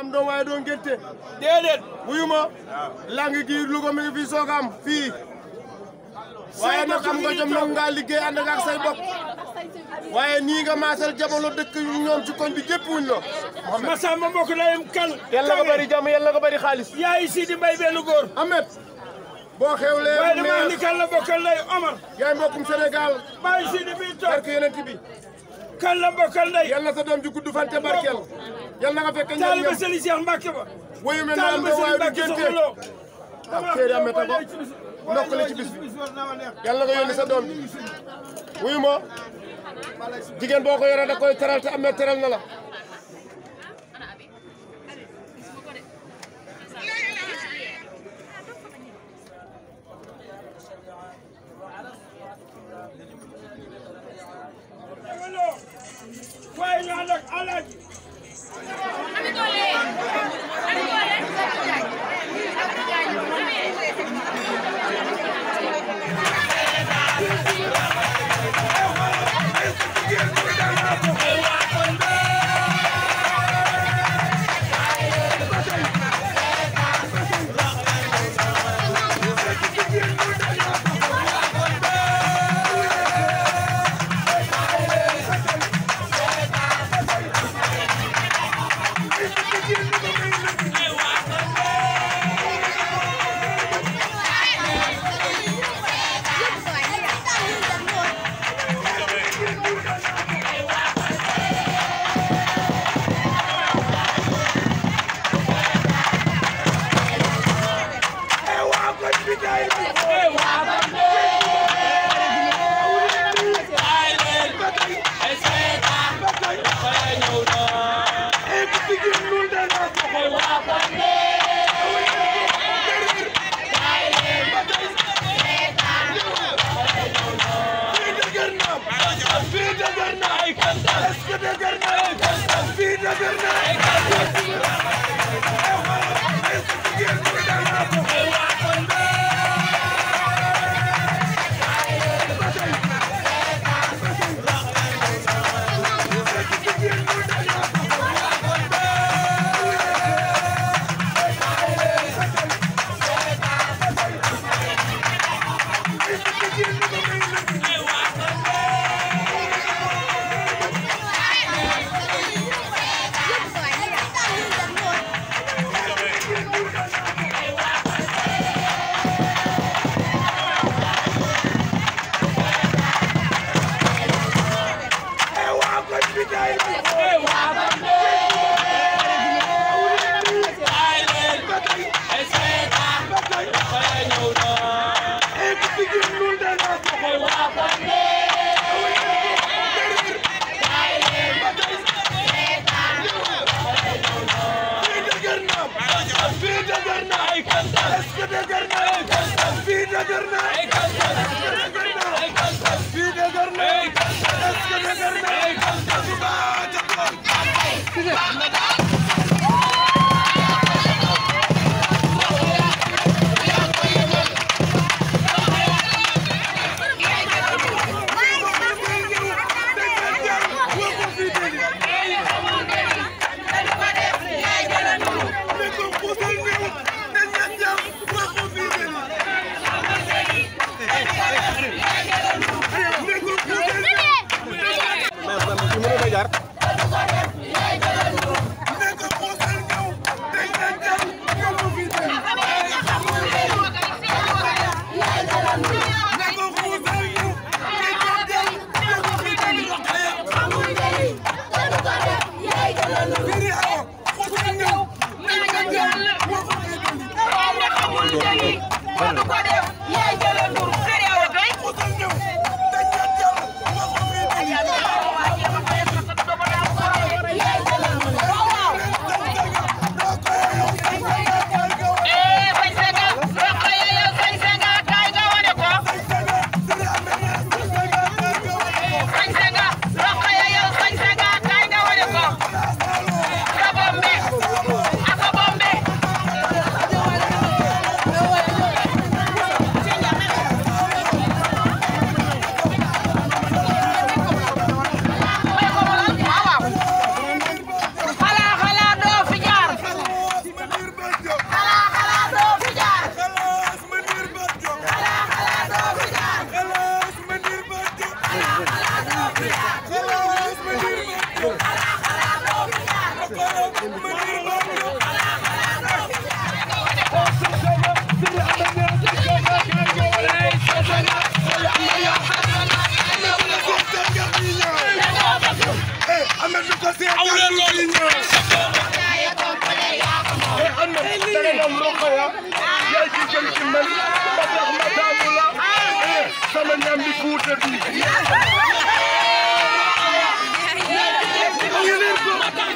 am doom waaye doon gerte déedéet wuyu ma langi gi lu ko mi ngi fii soog am fii waaye nag am nga jom nag nga liggéey ànd ak say bokk waaye nii nga maasal jabaloo dëkk yu ñoom ci koñ bi jëpp wuñ la Massamba mbokk dayem kal yàlla ko bari jàmm yàlla ko bari xaalis yaay si di mbay benn góor Ahmed boo xewlee waaye dama ni kan la bokkal lay Omar yaay mbokkum Sénégal bàyyi si di bi toog barke yonent bi kan la bokkal lay yàlla sa doom ji gudd fan te barkeel yàlla na nga fekk ñoom ñoom Serigne Cheikh Mbacke ba. wuyu mel naa ne waaye du gerte ak Seydou Ameth ak ko ndokkale ci bis bi. yàlla nga yónni sa doom wuyu ma jigéen boo ko yoree da koy teral te amee teral na la. Fernández! ¡Fina 加油！快点！Mata